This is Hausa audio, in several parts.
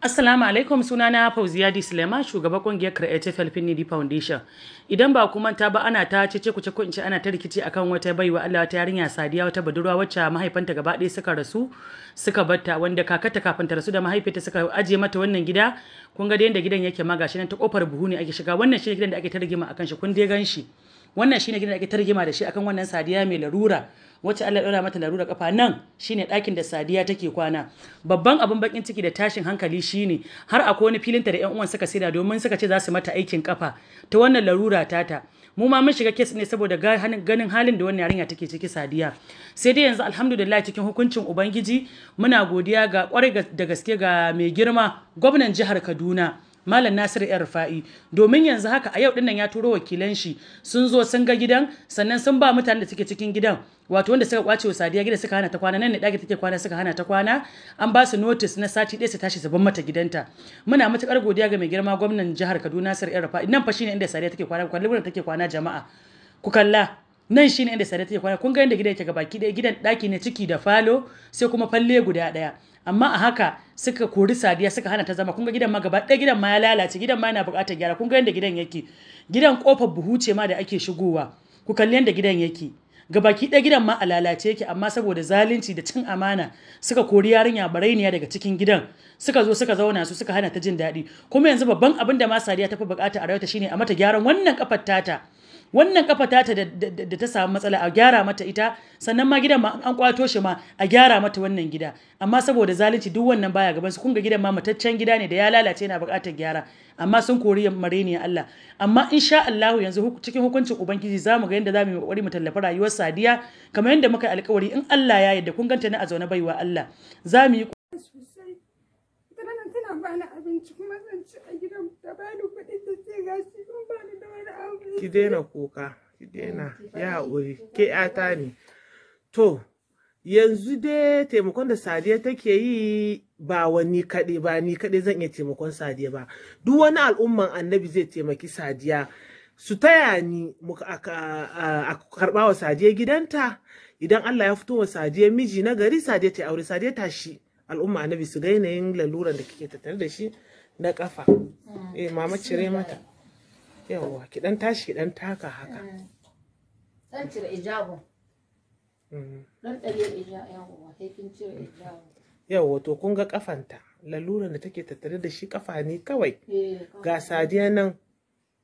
Assalamu alaikum sunana Fauziya Di Sulaiman shugaban kungiyar Creative Helping Needy Foundation. Idan ba ku manta ba ana ta cece ku ko ku ce ana ta rikici akan wata baiwa Allah ta yarinya Sadiya wata budurwa wacce mahaifanta gaba ɗaya suka rasu suka batta wanda kakata kafin ta rasu da mahaifinta suka aje mata wannan gida kun ga da yadda gidan yake ma gashi nan ta kofar buhu ne ake shiga wannan shi gidan da ake ta rigima akan shi kun dai gan shi. wannan shine gidan da ake targima da shi akan wannan sadiya mai larura wacce Allah ya mata larura kafa nan shine ɗakin da sadiya take kwana babban abin bakin ciki da tashin hankali shine har akwai wani filin ta da ƴan uwan suka saida domin suka ce za su mata aikin kafa ta wannan larura tata mu ma mun shiga kes ne saboda ganin halin da wannan yarinya take ciki sadiya sai dai yanzu alhamdulillah cikin hukuncin ubangiji muna godiya ga kwarai da gaske ga mai girma gwamnan jihar Kaduna Malam Nasiru ‘yan Rufa'i domin yanzu haka a yau dinnan ya turo wakilan shi sun zo sun ga gidan sannan sun ba mutanen da suke cikin gidan wato wanda suka kwace sadiya gida suka hana ta kwana nan ne daki take kwana suka hana ta kwana an ba su notice na sati ɗaya su tashi su mata gidanta muna matukar godiya ga mai girma gwamnan jihar Kaduna Nasir ‘yan Rufa'i nan fa shine inda sadiya take kwana kwallon take kwana jama'a ku kalla nan shine inda sada ya kwana kun ga inda gidan yake gabaki ɗaya gidan ɗaki ne ciki da falo sai kuma falle guda ɗaya amma a haka suka kori sadiya suka hana ta zama kun ga gidan ma gaba ɗaya gidan ma ya lalace gidan ma yana buƙatar gyara kun ga inda gidan yake gidan kofar buhu ce ma da ake shigowa ku kalli yadda gidan yake gabaki ɗaya gidan ma a lalace yake amma saboda zalunci da cin amana suka kori yarinya barainiya daga cikin gidan suka zo suka zauna su suka hana ta jin daɗi kuma yanzu babban abin da ma sadiya ta fi bukata a rayuwa shine a mata gyaran wannan kafar tata wannan kafa tata da, ta samu matsala a gyara mata ita sannan ma gidan ma an kwato shi ma a gyara mata wannan gida amma saboda zalunci duk wannan baya gaban su kun ga gidan ma mataccen gida ne da ya lalace yana bukatar gyara amma sun kori ne Allah amma insha Allah yanzu cikin hukuncin ubangiji zamu ga yanda zamu yi kokari mu tallafa rayuwar Sadiya kamar yadda muka yi alkawari in Allah ya yarda kun ganta ni a zaune baiwa Allah za mu yi ku ki daina kuka ki daina ya haƙuri ke ƴata ne to yanzu dai taimakon da sadiya take yi ba wani kaɗai ba ni kaɗai zan iya taimakon sadiya ba duk wani al'umman annabi zai taimaki sadiya su taya ni a karɓa wa sadiya gidanta idan Allah ya fito wa sadiya miji na gari sadiya ta aure sadiya ta shi al'umma annabi su ga yanayin laluran da kike tattare da shi na kafa mm. eh mama cire mata yawwa ki dan tashi ki dan taka haka dan mm. cire ijabu dan mm. dare ijabu yawwa sai kin cire ijabu yawwa to kun ga kafanta laluran da take tattare da shi kafa ne eh, kawai ga sadiya nan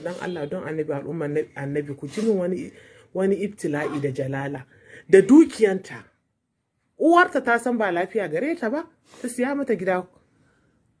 dan Allah don annabi al'umma annabi ku ji min wani wani ibtila'i da jalala da dukiyanta uwarta ta san ba lafiya gare ta ba ta siya mata gida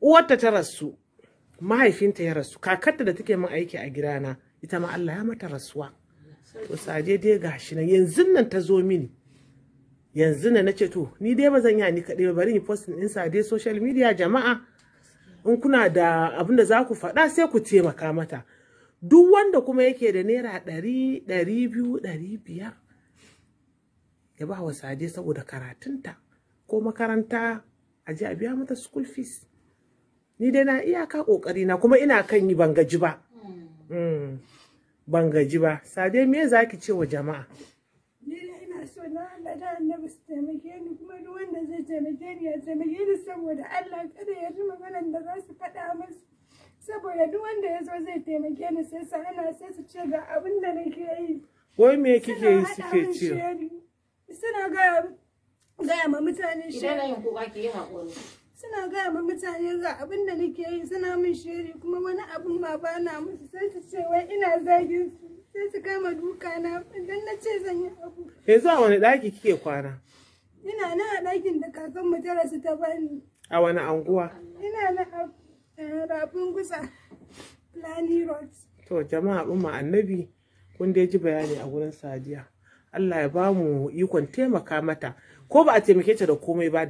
uwarta ta rasu mahaifinta ya rasu kakarta da take min aiki a gida na. ita ma Allah ya mata rasuwa to saje dai gashi nan yanzu nan ta zo mini yanzu na nace to ni dai bazan zan yi ni kaɗai ba bari ni post din sa dai social media jama'a in kuna da abin da za ku faɗa sai ku taimaka mata duk wanda kuma yake da naira ɗari ɗari biyu ɗari biyar ya ba wa sade saboda karatunta ko makaranta a ji a biya mata school fees ni dai na iyaka ƙoƙari na kuma ina kan yi ban gaji ba mm. ban gaji ba sade me za ki ce wa jama'a ni dai ina so na Allah da annabi su taimake ni kuma duk wanda zai taimake ni ga abin da nake yi wai me kike yi suke suna gaya gaya ma mutane shi idan yin kuka yi suna gaya ma mutane ga abin da nake yi suna min shiri kuma wani abin ma ba na musu sai su ce wai ina zagin su sai su kama duka na idan na ce zan yi abu yanzu eh, a wani ɗaki kike kwana ina nan a ɗakin da kakan mu ta rasu ta bani a wani anguwa ina nan a eh, rafin gusa Plani Road To jama'a umma annabi kun dai ji bayani a gurin Sadiya. Allah ya ba mu ikon taimaka mata ko ba a taimake ta da komai ba